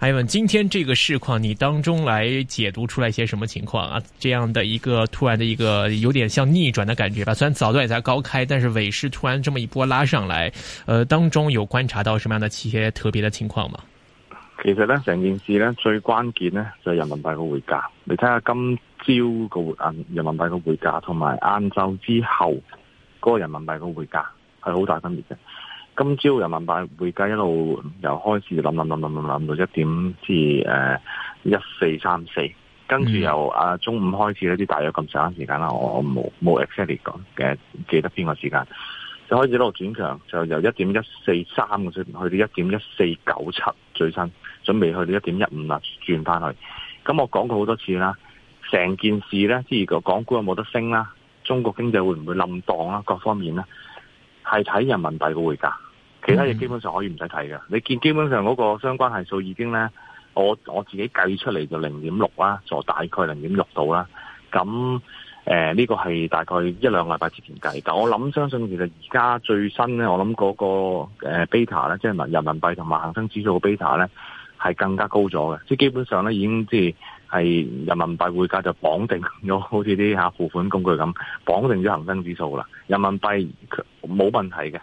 還有問今天這個市況，你當中來解讀出來一些什麼情況啊？這樣的一個突然的一個有點像逆轉的感覺吧？雖然早段也在高開，但是尾市突然這麼一波拉上來，呃，當中有觀察到什麼樣的一些特別的情況嗎？其實呢，成件事呢，最關鍵呢就係人民幣嘅匯價，你睇下今朝嘅匯人民幣嘅匯價，同埋晏晝之後嗰那個人民幣嘅匯價係好大分別嘅。今朝人民幣匯價一路由開始諗諗諗諗諗到一點至一四三四，跟住由啊中午開始呢啲大約咁長時間啦，我冇冇 exactly 講嘅記得邊個時間，就開始一路轉強，就由一點一四三去到一點一四九七最新，準備去到一點一五啦轉翻去。咁我講過好多次啦，成件事呢，即係個港股有冇得升啦，中國經濟會唔會冧檔啦，各方面呢，係睇人民幣嘅匯價。其他嘢基本上可以唔使睇嘅，你見基本上嗰個相關係數已經咧，我我自己計出嚟就零點六啦，就大概零點六度啦。咁誒呢個係大概一兩禮拜之前計，但我諗相信其實而家最新咧，我諗嗰個誒 beta 咧，即係人民幣同埋恒生指數嘅 beta 咧係更加高咗嘅，即係基本上咧已經即係係人民幣匯價就綁定咗，好似啲吓付款工具咁綁定咗恒生指數啦，人民幣冇問題嘅。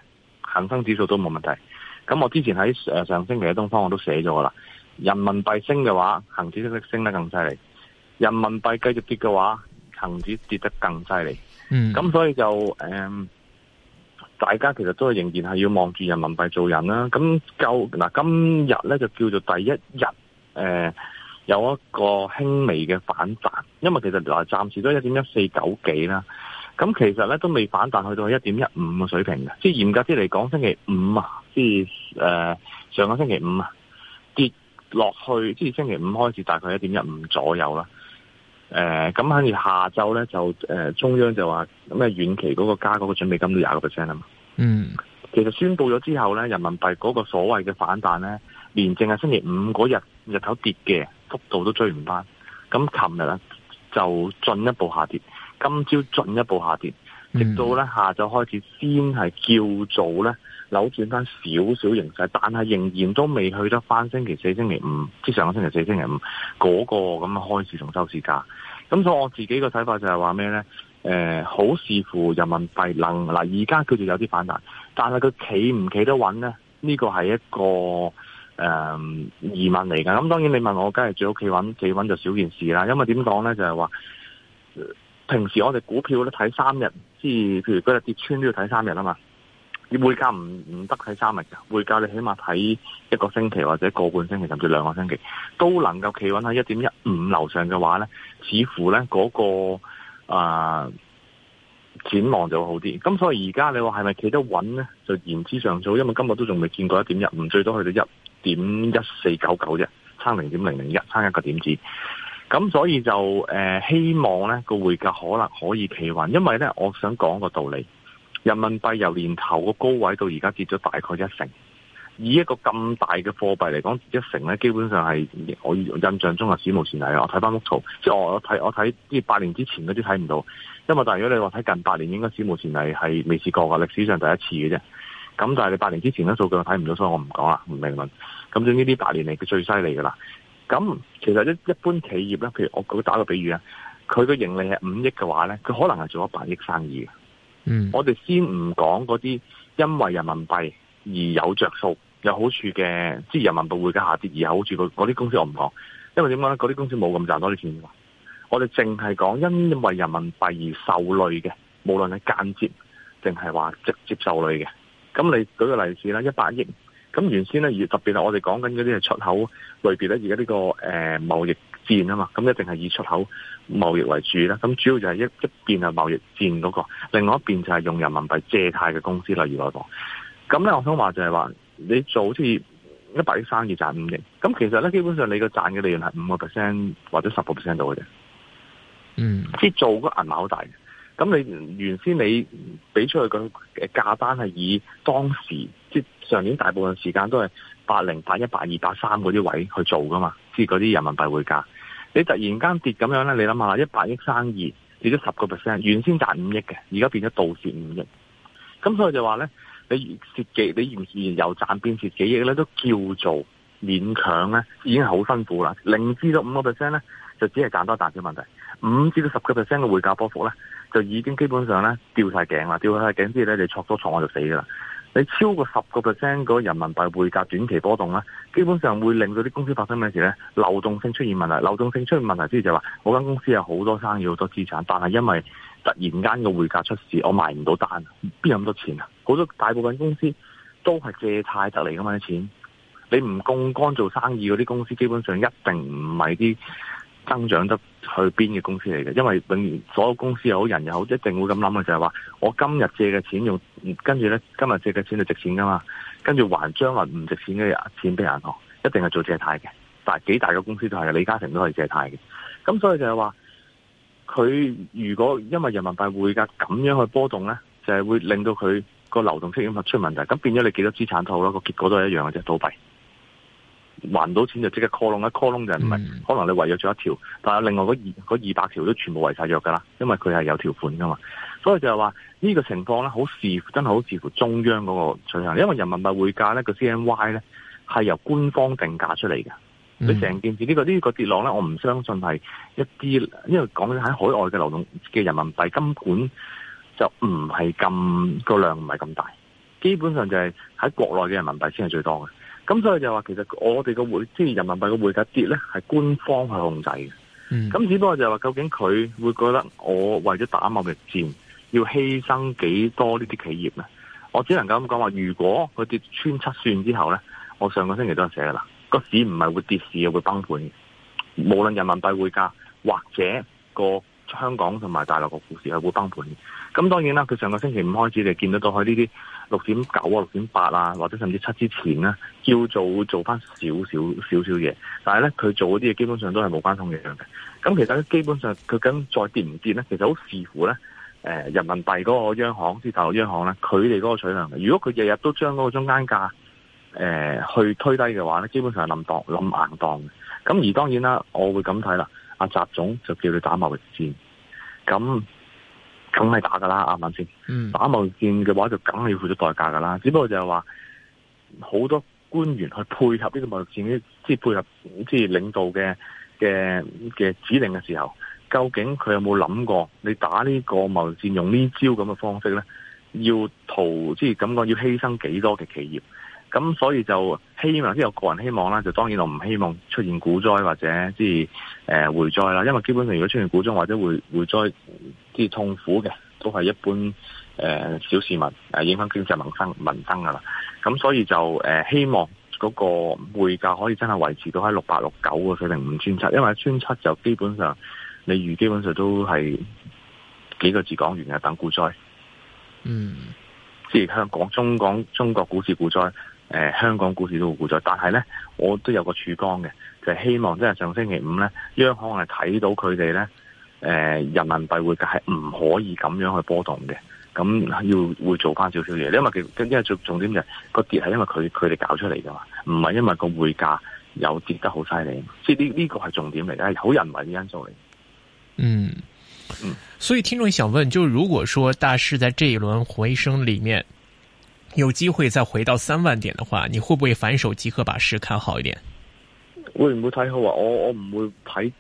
恒生指數都冇問題，咁我之前喺上星期嘅東方我都寫咗噶啦。人民幣升嘅話，恒指升得升得更犀利；人民幣繼續跌嘅話，恒指跌得更犀利。嗯，咁所以就誒，大家其實都係仍然係要望住人民幣做人啦。咁夠嗱，今日咧就叫做第一日誒、呃，有一個輕微嘅反彈，因為其實嗱暫時都一點一四九幾啦。咁其實咧都未反彈去到一點一五嘅水平嘅，即係嚴格啲嚟講，星期五啊，即係誒上個星期五啊，跌落去，即係星期五開始大概一點一五左右啦。誒咁跟住下週咧就、呃、中央就話咁嘅遠期嗰個加嗰個準備金都廿個 percent 啦嘛。嗯，其實宣布咗之後咧，人民幣嗰個所謂嘅反彈咧，連淨係星期五嗰日日頭跌嘅幅度都追唔翻，咁琴日呢，就進一步下跌。今朝進一步下跌，直到咧下晝開始先係叫做咧扭轉翻少少形勢，但係仍然都未去得翻星期四、星期五，即上個星期四、星期五嗰、那個咁嘅開始同收市價。咁所以我自己嘅睇法就係話咩咧？好視乎人民幣能嗱，而家叫做有啲反彈，但係佢企唔企得穩咧？呢個係一個誒、呃、疑問嚟㗎。咁當然你問我，梗係最好企穩，企穩就少件事啦。因為點講咧？就係、是、話。平時我哋股票咧睇三日，即係譬如嗰日跌穿都要睇三日啊嘛。匯價唔唔得睇三日噶，匯價你起碼睇一個星期或者個半星期甚至兩個星期都能夠企穩喺一點一五樓上嘅話呢，似乎呢、那、嗰個、呃、展望就會好啲。咁所以而家你話係咪企得穩呢？就言之尚早，因為今日都仲未見過一點一五，最多去到一點一四九九啫，差零點零零一，差一個點子。咁所以就誒、呃，希望咧個匯價可能可以企穩，因為咧我想講個道理，人民幣由年頭個高位到而家跌咗大概一成，以一個咁大嘅貨幣嚟講，一成咧基本上係我印象中係史無前例。我睇翻幅圖，即係我睇我睇，即係八年之前嗰啲睇唔到，因為但係如果你話睇近八年，應該史無前例係未試過嘅，歷史上第一次嘅啫。咁但係你八年之前咧數據我睇唔到，所以我唔講啦，唔明唔，咁總之啲八年嚟佢最犀利噶啦。咁其實一一般企業咧，譬如我舉打個比喻啊，佢嘅盈利係五億嘅話咧，佢可能係做咗百億生意嘅。嗯，我哋先唔講嗰啲因為人民幣而有着數有好處嘅，即係人民幣匯價下跌而有好處嗰啲公司，我唔講，因為點講咧，嗰啲公司冇咁賺多啲錢。我哋淨係講因為人民幣而受累嘅，無論係間接定係話直接受累嘅。咁你舉個例子啦，一百億。咁原先咧，特別係我哋講緊嗰啲係出口類別咧，而家呢個誒、呃、貿易戰啊嘛，咁一定係以出口貿易為主啦。咁主要就係一一邊係貿易戰嗰、那個，另外一邊就係用人民幣借貸嘅公司例如嚟講。咁咧，我想話就係話你做好似一百億生意賺五億，咁其實咧基本上你個賺嘅利潤係五個 percent 或者十個 percent 到嘅啫。嗯，即係做個銀碼好大嘅。咁你原先你俾出去個價單係以當時。上年大部分的時間都係八零、八一、八二、八三嗰啲位置去做噶嘛，即係嗰啲人民幣匯價，你突然間跌咁樣咧，你諗下，一百億生意，跌咗十個 percent，原先賺五億嘅，而家變咗倒蝕五億，咁所以就話咧，你蝕幾，你然然由賺變蝕幾億咧，都叫做勉強咧，已經係好辛苦啦。零至到五個 percent 咧，就只係賺多賺少問題；五至到十個 percent 嘅匯價波幅咧，就已經基本上咧掉晒頸啦，掉晒頸，之後咧你錯多錯我就死噶啦。你超過十個 percent 嗰人民幣匯價短期波動咧，基本上會令到啲公司發生咩事咧？流動性出現問題，流動性出現問題，主要就係話，我間公司有好多生意、好多資產，但係因為突然間嘅匯價出事，我賣唔到單，邊有咁多錢啊？好多大部分公司都係借貸得嚟噶嘛啲錢，你唔槓桿做生意嗰啲公司，基本上一定唔係啲。增長得去邊嘅公司嚟嘅？因為永遠所有公司又好，人又好，一定會咁諗嘅，就係話我今日借嘅錢用，跟住呢，今日借嘅錢就值錢噶嘛，跟住還將來唔值錢嘅錢俾銀行，一定係做借貸嘅。但係幾大嘅公司都係，李嘉誠都係借貸嘅。咁所以就係話，佢如果因為人民幣匯價咁樣去波動呢，就係會令到佢個流動性出現問題，咁變咗你幾多資產套咯，個結果都係一樣嘅啫，倒閉。還到錢就即刻 call 窿，一 call 窿就唔係，可能你違約咗一條，但係另外嗰二二百條都全部違晒約噶啦，因為佢係有條款噶嘛，所以就係話呢個情況咧，好視乎真係好似乎中央嗰個取向，因為人民幣匯價咧個 CNY 咧係由官方定價出嚟嘅，嗯，你成件事呢，這個呢，這個跌落咧，我唔相信係一啲，因為講喺海外嘅流動嘅人民幣根本就，就唔係咁個量唔係咁大。基本上就係喺國內嘅人民幣先係最多嘅，咁所以就係話其實我哋嘅匯，即係人民幣嘅匯價跌咧，係官方去控制嘅。咁只不過就係話，究竟佢會覺得我為咗打貿易戰，要犧牲幾多呢啲企業咧？我只能夠咁講話，如果佢跌穿七算之後咧，我上個星期都係寫噶啦，個市唔係會跌市嘅，會崩盤嘅。無論人民幣匯價或者個香港同埋大陸個股市係會崩盤。咁當然啦，佢上個星期五開始，你就見得到佢呢啲。六點九啊，六點八啊，或者甚至七之前呢，叫做做翻少少少少嘢。但係呢，佢做嗰啲嘢基本上都係冇關痛癢嘅。咁其實基本上佢咁再跌唔跌呢？其實好視乎呢誒、呃，人民幣嗰個央行，即大陸央行呢，佢哋嗰個取量。如果佢日日都將嗰個中間價誒去推低嘅話呢，基本上係冧檔、冧硬檔嘅。咁而當然啦，我會咁睇啦，阿習總就叫佢打貿易戰，咁。梗係打噶啦，啱唔啱先？打貿易戰嘅話就梗係要付出代價噶啦，只不過就係話好多官員去配合呢個貿易戰，即係配合即係領導嘅嘅嘅指令嘅時候，究竟佢有冇諗過，你打呢個貿易戰用呢招咁嘅方式咧，要圖即係咁講，要犧牲幾多嘅企業？咁所以就希望即有個個人希望啦，就當然我唔希望出現股災或者即係誒匯災啦。因為基本上如果出現股災或者匯匯災，即係、呃、痛苦嘅都係一般誒、呃、小市民誒影響經濟民生民生噶啦。咁所以就誒、呃、希望嗰個匯價可以真係維持到喺六八六九嘅水平唔穿七，因為穿七就基本上你預基本上都係幾個字講完嘅等股災。嗯，即係香港中港中國股市股災。誒、呃，香港股市都會固咗，但係咧，我都有個曙光嘅，就是、希望即係上星期五咧，央行係睇到佢哋咧，誒、呃，人民幣匯價係唔可以咁樣去波動嘅，咁要會做翻少少嘢。因為其，因為最重點嘅、就是、個跌係因為佢佢哋搞出嚟噶嘛，唔係因為個匯價有跌得好犀利，即係呢呢個係重點嚟嘅，係好人為嘅因素嚟。嗯嗯，所以聽眾想問，就如果說大市在這一輪回升裏面。有機會再回到三萬點的話，你會不會反手即刻把市看好一點？會唔會睇好啊？我我唔會睇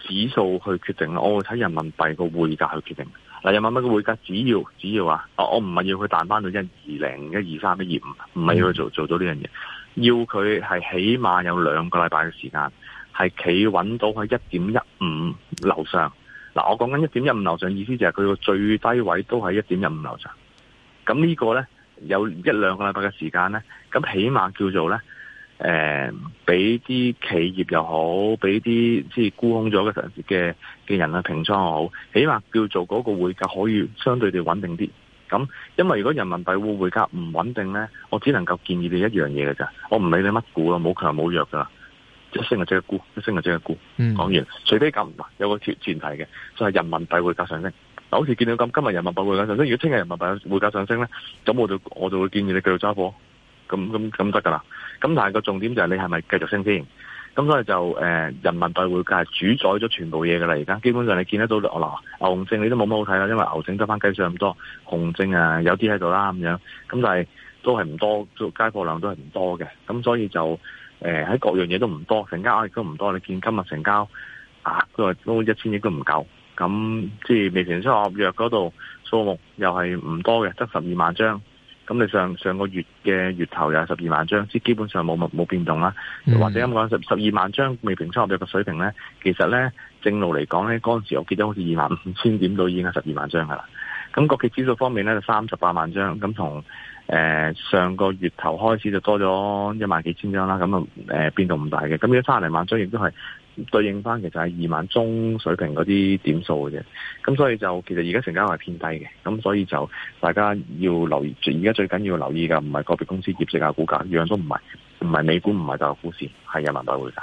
指數去決定啦，我會睇人民幣個匯價去決定。嗱，人民幣個匯價只要只要啊，我唔係要佢彈翻到一二零、一二三、一二五，唔係要佢做做到呢樣嘢，要佢係起碼有兩個禮拜嘅時間，係企穩到喺一點一五樓上。嗱，我講緊一點一五樓上，意思就係佢個最低位都係一點一五樓上。咁、這、呢個呢有一兩個禮拜嘅時間咧，咁起碼叫做咧，誒、呃，俾啲企業又好，俾啲即係沽空咗嘅嘅嘅人啊平倉又好，起碼叫做嗰個匯價可以相對地穩定啲。咁，因為如果人民幣匯匯價唔穩定咧，我只能夠建議你一樣嘢嘅咋。我唔理你乜股啊，冇強冇弱噶啦，一升就即刻沽，一升就即刻沽。講、嗯、完，除非咁有個前提嘅，就係人民幣匯價上升。我好似見到咁，今日人民幣匯價上升。如果聽日人民幣匯價上升咧，咁我就我就會建議你繼續揸貨。咁咁咁得㗎啦。咁但係個重點就係你係咪繼續升先？咁所以就誒、呃，人民幣匯價係主宰咗全部嘢㗎啦。而家基本上你見得到牛牛、嗯、牛證你都冇乜好睇啦。因為牛證得翻雞碎咁多，熊證啊有啲喺度啦咁樣。咁但係都係唔多，街貨量都係唔多嘅。咁所以就誒喺、呃、各樣嘢都唔多成交額，亦都唔多。你見今日成交啊，佢都，都一千億都唔夠。咁即係未平出合約嗰度數目又係唔多嘅，得十二萬張。咁你上上個月嘅月頭又係十二萬張，即係基本上冇冇變動啦、嗯。或者咁講，十十二萬張未平出合約嘅水平咧，其實咧正路嚟講咧，嗰陣時我見咗好似二萬五千點到已經係十二萬張噶啦。咁國企指數方面咧，就三十八萬張，咁從誒上個月頭開始就多咗一萬幾千張啦。咁啊誒變動唔大嘅。咁呢三十零萬張亦都係。對應翻其實係二萬中水平嗰啲點數嘅啫，咁所以就其實而家成交係偏低嘅，咁所以就大家要留意，而家最緊要要留意嘅唔係個別公司業績啊，股價樣都唔係，唔係美股，唔係大陸股市，係人民幣匯價。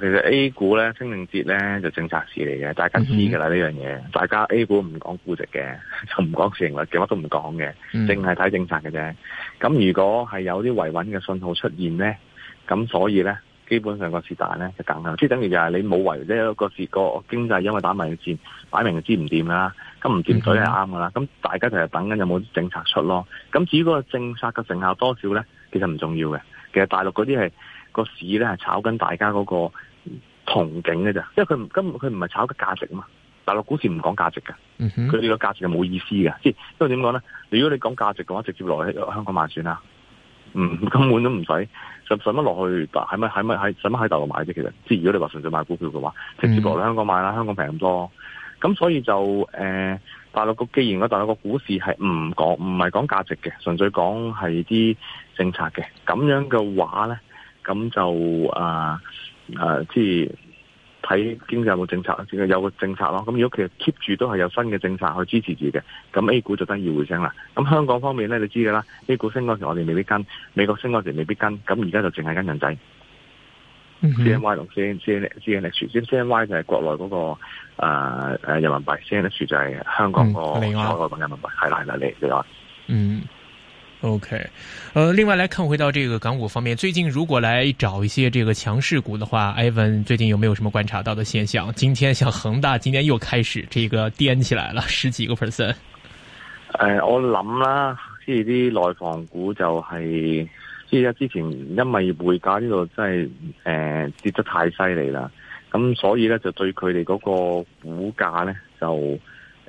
其實 A 股咧清明節咧就政策市嚟嘅，大家知噶啦呢樣嘢。大家 A 股唔講估值嘅，就唔講市盈率嘅，乜都唔講嘅，淨係睇政策嘅啫。咁如果係有啲維穩嘅信號出現咧，咁所以咧，基本上個市彈咧就梗啊，即係等於就係你冇維，即係一個市個經濟因為打埋個戰，擺明就知唔掂啦。咁唔掂水係啱噶啦。咁、嗯、大家就係等緊有冇政策出咯。咁至於個政策嘅成效多少咧，其實唔重要嘅。其實大陸嗰啲係。個市咧係炒緊大家嗰個憧憬嘅啫，因為佢唔根佢唔係炒個價值啊嘛。大陸股市唔講價值嘅，佢呢個價值係冇意思嘅，即係因為點講咧？如果你講價值嘅話，直接落去香港買算啦、嗯。根本都唔使，就使乜落去？咪係咪係使乜喺大陸買啫？其實，即係如果你話純粹買股票嘅話，直接落去香港買啦，香港平咁多。咁所以就誒、呃，大陸個既然大陸個股市係唔講唔係講價值嘅，純粹講係啲政策嘅。咁樣嘅話咧。咁就啊啊，即係睇經濟有冇政策，有個政策咯。咁如果其實 keep 住都係有新嘅政策去支持住嘅，咁 A 股就得意回升啦。咁香港方面咧，你知嘅啦，A 股升嗰時我哋未必跟，美國升嗰時未必跟，咁而家就淨係跟人仔。嗯、CNY 同 C N C N C N Y 就係國內嗰、那個誒誒、呃、人民幣，C N H 就係香港個海外嘅人民幣，係啦係啦，你你話嗯。OK，呃，另外來看，回到這個港股方面，最近如果來找一些這個強勢股的話，Evan 最近有沒有什麼觀察到的現象？今天像恒大，今天又開始這個癲起來了，十幾個 percent。呃、我諗啦，即係啲內房股就係、是，即係之前因為匯價呢度真係、呃、跌得太犀利啦，咁所以呢，就對佢哋嗰個股價呢就。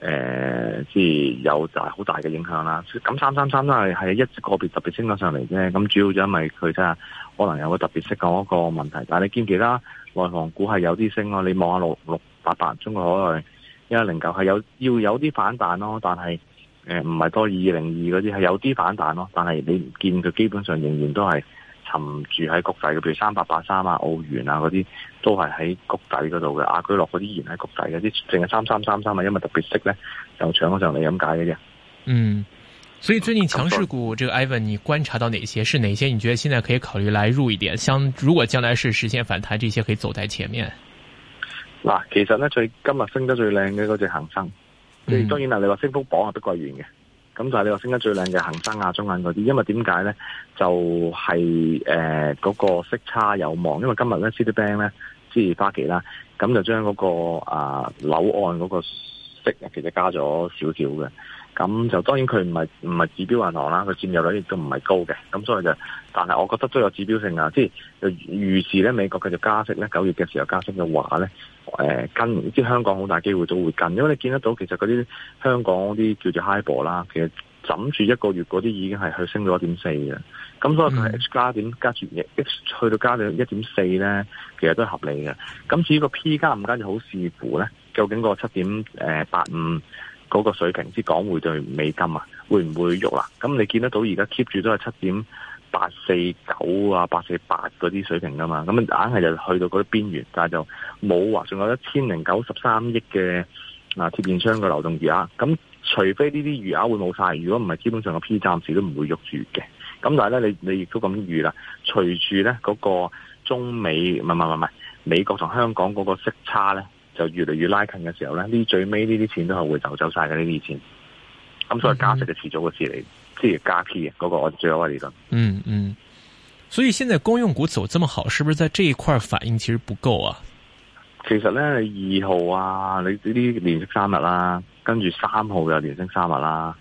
誒、呃，即係有大好大嘅影響啦。咁三三三都係一個別特別升咗上嚟啫。咁主要就因為佢真係可能有個特別識講嗰個問題。但係你見其他內房股係有啲升咯。你望下六六八八，中國海內一零九係有要有啲反彈咯。但係誒唔係多二零二嗰啲係有啲反彈咯。但係你見佢基本上仍然都係。沉住喺谷底嘅，譬如三八八三啊、澳元啊嗰啲，都係喺谷底嗰度嘅。雅居樂嗰啲依然喺谷底嘅，啲淨係三三三三啊，因為特別息咧，就搶咗上嚟咁解嘅啫。嗯，所以最近強勢股，這個 Ivan，你觀察到哪些？是哪些？你覺得現在可以考慮來入一點？將如果將來是實現反彈，這些可以走在前面。嗱，其實咧，最今日升得最靚嘅嗰隻恒生，嗯，當然啦，你話升幅榜係碧桂園嘅。咁就係你話升得最靚嘅恒生亞、啊、中銀嗰啲，因為點解咧？就係誒嗰個息差有望，因為今日咧 Citibank 咧，即係花旗啦，咁就將嗰、嗰個啊樓、呃、按嗰個息，其實加咗少少嘅。咁就當然佢唔係唔係指標銀行啦，佢佔有率亦都唔係高嘅，咁所以就，但係我覺得都有指標性啊，即係預預示咧美國繼續加息咧，九月嘅時候加息嘅話咧，誒、呃、跟即係香港好大機會都會跟，因為你見得到其實嗰啲香港嗰啲叫做 HIBOR 啦，其實枕住一個月嗰啲已經係去升到一點四嘅，咁所以佢、mm -hmm. H 加點加住去到加到一點四咧，其實都係合理嘅。咁至於個 P 加五加就好視乎咧，究竟個七點誒八五。嗰、那個水平，之港匯兌美金啊，會唔會喐啦？咁你見得到而家 keep 住都係七點八四九啊，八四八嗰啲水平噶嘛？咁硬係就去到嗰啲邊緣，但係就冇話仲有一千零九十三億嘅嗱貼現窗嘅流動餘額。咁除非呢啲餘額會冇曬，如果唔係，基本上個 P 暫時都唔會喐住嘅。咁但係咧，你你亦都咁預啦。隨住咧嗰個中美唔係唔係唔係美國同香港嗰個息差咧。就越嚟越拉近嘅時候咧，呢最尾呢啲錢都係會走走曬嘅呢啲錢。咁所以、嗯就是、加息嘅遲早嘅事嚟，即係加 P 嘅嗰個我最有話理論。嗯嗯，所以現在公用股走這麼好，是不是在這一塊反應其實不夠啊？其實咧，二號啊，你呢啲連升三日啦，跟住三號又連升三日啦，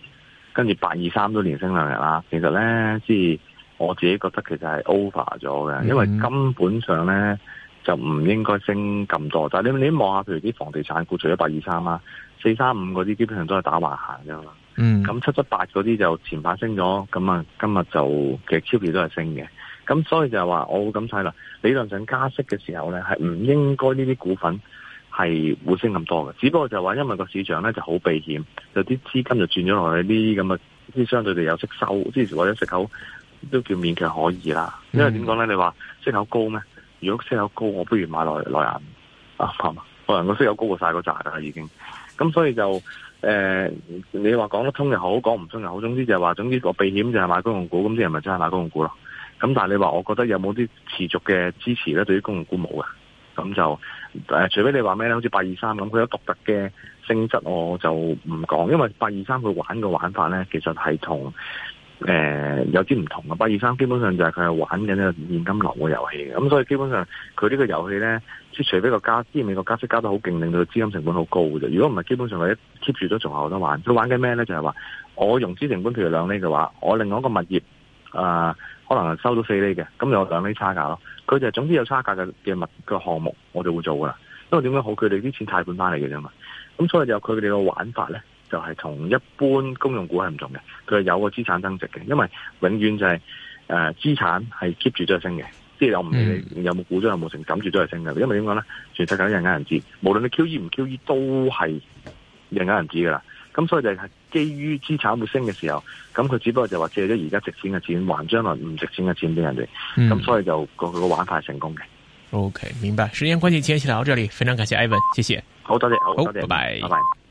跟住八二三都連升兩日啦。其實咧，即係我自己覺得其實係 over 咗嘅，因為根本上咧。嗯嗯就唔應該升咁多，但係你你望下，譬如啲房地產股，除咗八二三啊、四三五嗰啲，基本上都係打橫行啫嘛。嗯，咁七七八嗰啲就前排升咗，咁啊，今日就其實超期都係升嘅。咁所以就係話，我會咁睇啦。理論上加息嘅時候咧，係唔應該呢啲股份係會升咁多嘅。只不過就係話，因為個市場咧就好避險，有啲資金就轉咗落去啲咁啊，啲相對地有息收，即係或者息口都叫勉強可以啦，嗯。因為點講咧？你話息口高咩？如果息口高，我不如買內內銀啊，係嘛？內銀個息口高過晒個債㗎，已經。咁所以就誒、呃，你話講得通又好，講唔通又好，總之就話總之我避險就係買公用股，咁即係咪真係買公用股咯？咁但係你話，我覺得有冇啲持續嘅支持咧？對於公用股冇嘅，咁就誒、呃，除非你話咩咧？好似八二三咁，佢有獨特嘅性質，我就唔講，因為八二三佢玩嘅玩法咧，其實係同。誒、呃，有啲唔同嘅，八二三基本上就係佢係玩緊呢個現金流嘅遊戲嘅，咁、嗯、所以基本上佢呢個遊戲咧，即除非個加息，美國加息加得好勁，令到資金成本好高嘅啫。如果唔係，基本上或者 keep 住咗，仲有得玩。佢玩緊咩咧？就係、是、話我融資成本譬如兩厘嘅話，我另外一個物業誒、呃，可能收到四厘嘅，咁、嗯、有兩厘差價咯。佢就總之有差價嘅嘅物個項目，我就會做噶啦。因為點解好？佢哋啲錢貸款翻嚟嘅啫嘛。咁所以就佢哋嘅玩法咧，就係、是、同一般公用股係唔同嘅，佢係有個資產增值嘅，因為永遠就係誒資產係 keep 住都係升嘅，即、就、係、是、我唔理有冇股災有冇成，感住都係升嘅，因為點講咧？全世界都人有人知，無論你 QE 唔 QE 都係人有人知噶啦。咁所以就係基於資產會升嘅時候，咁佢只不過就話借咗而家值錢嘅錢，還將來唔值錢嘅錢俾人哋。咁、嗯、所以就個、那個玩法係成功嘅。OK，明白。時間關係，今日先聊到這裏，非常感謝 Ivan，謝謝。好，多謝，謝，好，多謝，拜拜，拜拜。